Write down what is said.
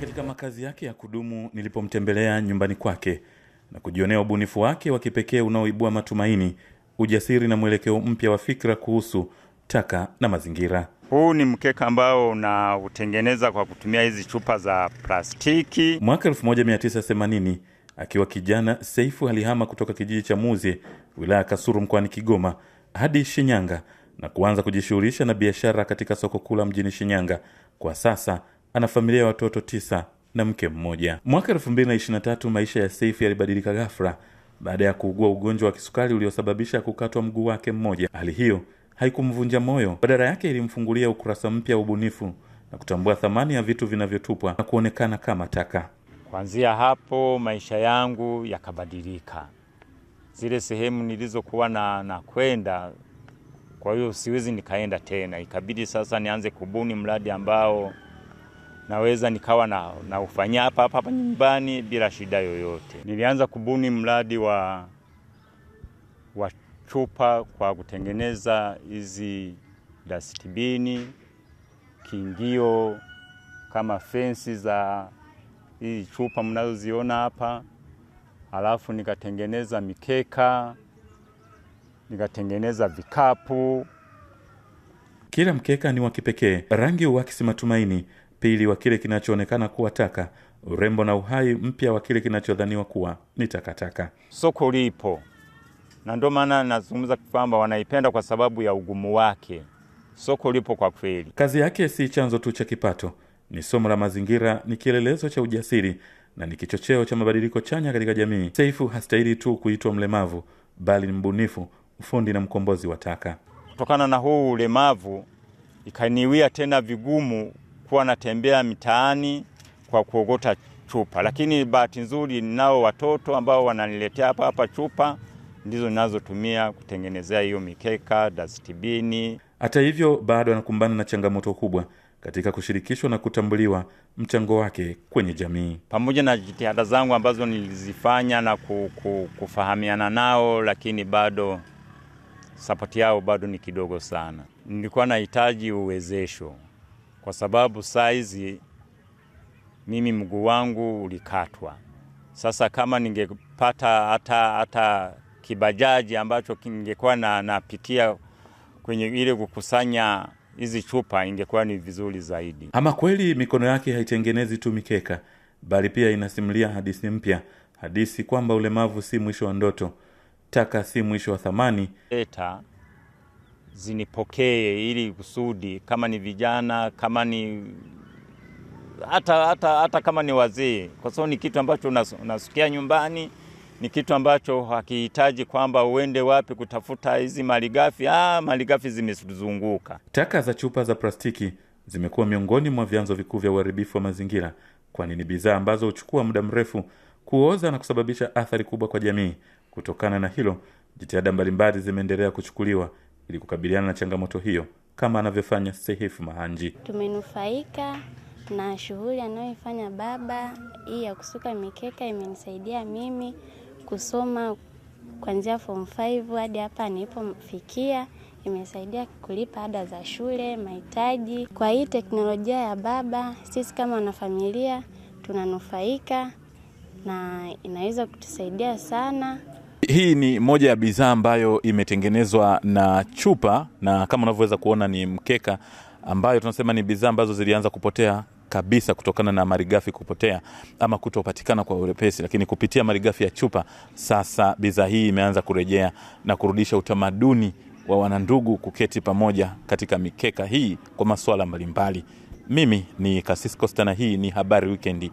katika makazi yake ya kudumu nilipomtembelea nyumbani kwake na kujionea ubunifu wake wa kipekee unaoibua matumaini, ujasiri na mwelekeo mpya wa fikra kuhusu taka na mazingira. Huu ni mkeka ambao unautengeneza kwa kutumia hizi chupa za plastiki. Mwaka 1980 akiwa kijana, Seifu alihama kutoka kijiji cha muze wilaya Kasuru, mkoani Kigoma hadi Shinyanga na kuanza kujishughulisha na biashara katika soko kuu la mjini Shinyanga. Kwa sasa ana familia ya watoto tisa na mke mmoja. Mwaka elfu mbili na ishiri na tatu maisha ya Seif yalibadilika ghafla baada ya kuugua ugonjwa wa kisukari uliosababisha kukatwa mguu wake mmoja. Hali hiyo haikumvunja moyo, badara yake ilimfungulia ukurasa mpya wa ubunifu na kutambua thamani ya vitu vinavyotupwa na kuonekana kama taka. kwanzia hapo maisha yangu yakabadilika, zile sehemu nilizokuwa na, na kwenda kwa hiyo siwezi nikaenda tena, ikabidi sasa nianze kubuni mradi ambao naweza nikawa na naufanyia hapa hapa hapa nyumbani bila shida yoyote. Nilianza kubuni mradi wa, wa chupa kwa kutengeneza hizi dastibini, kingio kama fensi za hizi chupa mnazoziona hapa, alafu nikatengeneza mikeka, nikatengeneza vikapu. Kila mkeka ni wa kipekee, rangi huakisi matumaini pili wa kile kinachoonekana kuwa taka urembo na uhai mpya wa kile kinachodhaniwa kuwa ni takataka soko lipo na ndio maana nazungumza kwamba wanaipenda kwa sababu ya ugumu wake soko lipo kwa kweli kazi yake si chanzo tu cha kipato ni somo la mazingira ni kielelezo cha ujasiri na ni kichocheo cha mabadiliko chanya katika jamii seifu hastahili tu kuitwa mlemavu bali ni mbunifu ufundi na mkombozi wa taka kutokana na huu ulemavu ikaniwia tena vigumu walikuwa wanatembea mitaani kwa kuogota chupa, lakini bahati nzuri ninao watoto ambao wananiletea hapa hapa chupa ndizo ninazotumia kutengenezea hiyo mikeka, dastibini. Hata hivyo bado anakumbana na changamoto kubwa katika kushirikishwa na kutambuliwa mchango wake kwenye jamii. Pamoja na jitihada zangu ambazo nilizifanya na kufahamiana nao, lakini bado sapoti yao bado ni kidogo sana. Nilikuwa nahitaji uwezesho kwa sababu saa hizi mimi mguu wangu ulikatwa. Sasa kama ningepata hata hata kibajaji ambacho ningekuwa na napitia kwenye ile kukusanya hizi chupa ingekuwa ni vizuri zaidi. Ama kweli mikono yake haitengenezi tu mikeka, bali pia inasimulia hadithi mpya, hadithi kwamba ulemavu si mwisho wa ndoto, taka si mwisho wa thamani. Eta zinipokee ili kusudi, kama ni vijana, kama ni hata hata hata kama ni wazee, kwa sababu ni kitu ambacho unasikia nyumbani, ni kitu ambacho hakihitaji kwamba uende wapi kutafuta hizi malighafi. Ah, malighafi zimezunguka. Taka za chupa za plastiki zimekuwa miongoni mwa vyanzo vikuu vya uharibifu wa mazingira, kwani ni bidhaa ambazo huchukua muda mrefu kuoza na kusababisha athari kubwa kwa jamii. Kutokana na hilo, jitihada mbalimbali zimeendelea kuchukuliwa ili kukabiliana na changamoto hiyo, kama anavyofanya Seif Mahanji. Tumenufaika na shughuli anayoifanya baba. Hii ya kusuka mikeka imenisaidia mimi kusoma kuanzia fom 5 hadi hapa nilipofikia, imesaidia kulipa ada za shule, mahitaji. Kwa hii teknolojia ya baba, sisi kama wanafamilia tunanufaika na inaweza kutusaidia sana. Hii ni moja ya bidhaa ambayo imetengenezwa na chupa na kama unavyoweza kuona ni mkeka ambayo tunasema ni bidhaa ambazo zilianza kupotea kabisa kutokana na marigafi kupotea ama kutopatikana kwa urepesi, lakini kupitia marigafi ya chupa sasa bidhaa hii imeanza kurejea na kurudisha utamaduni wa wanandugu kuketi pamoja katika mikeka hii kwa masuala mbalimbali. Mimi ni Kasisi Costa na hii ni Habari Wikendi.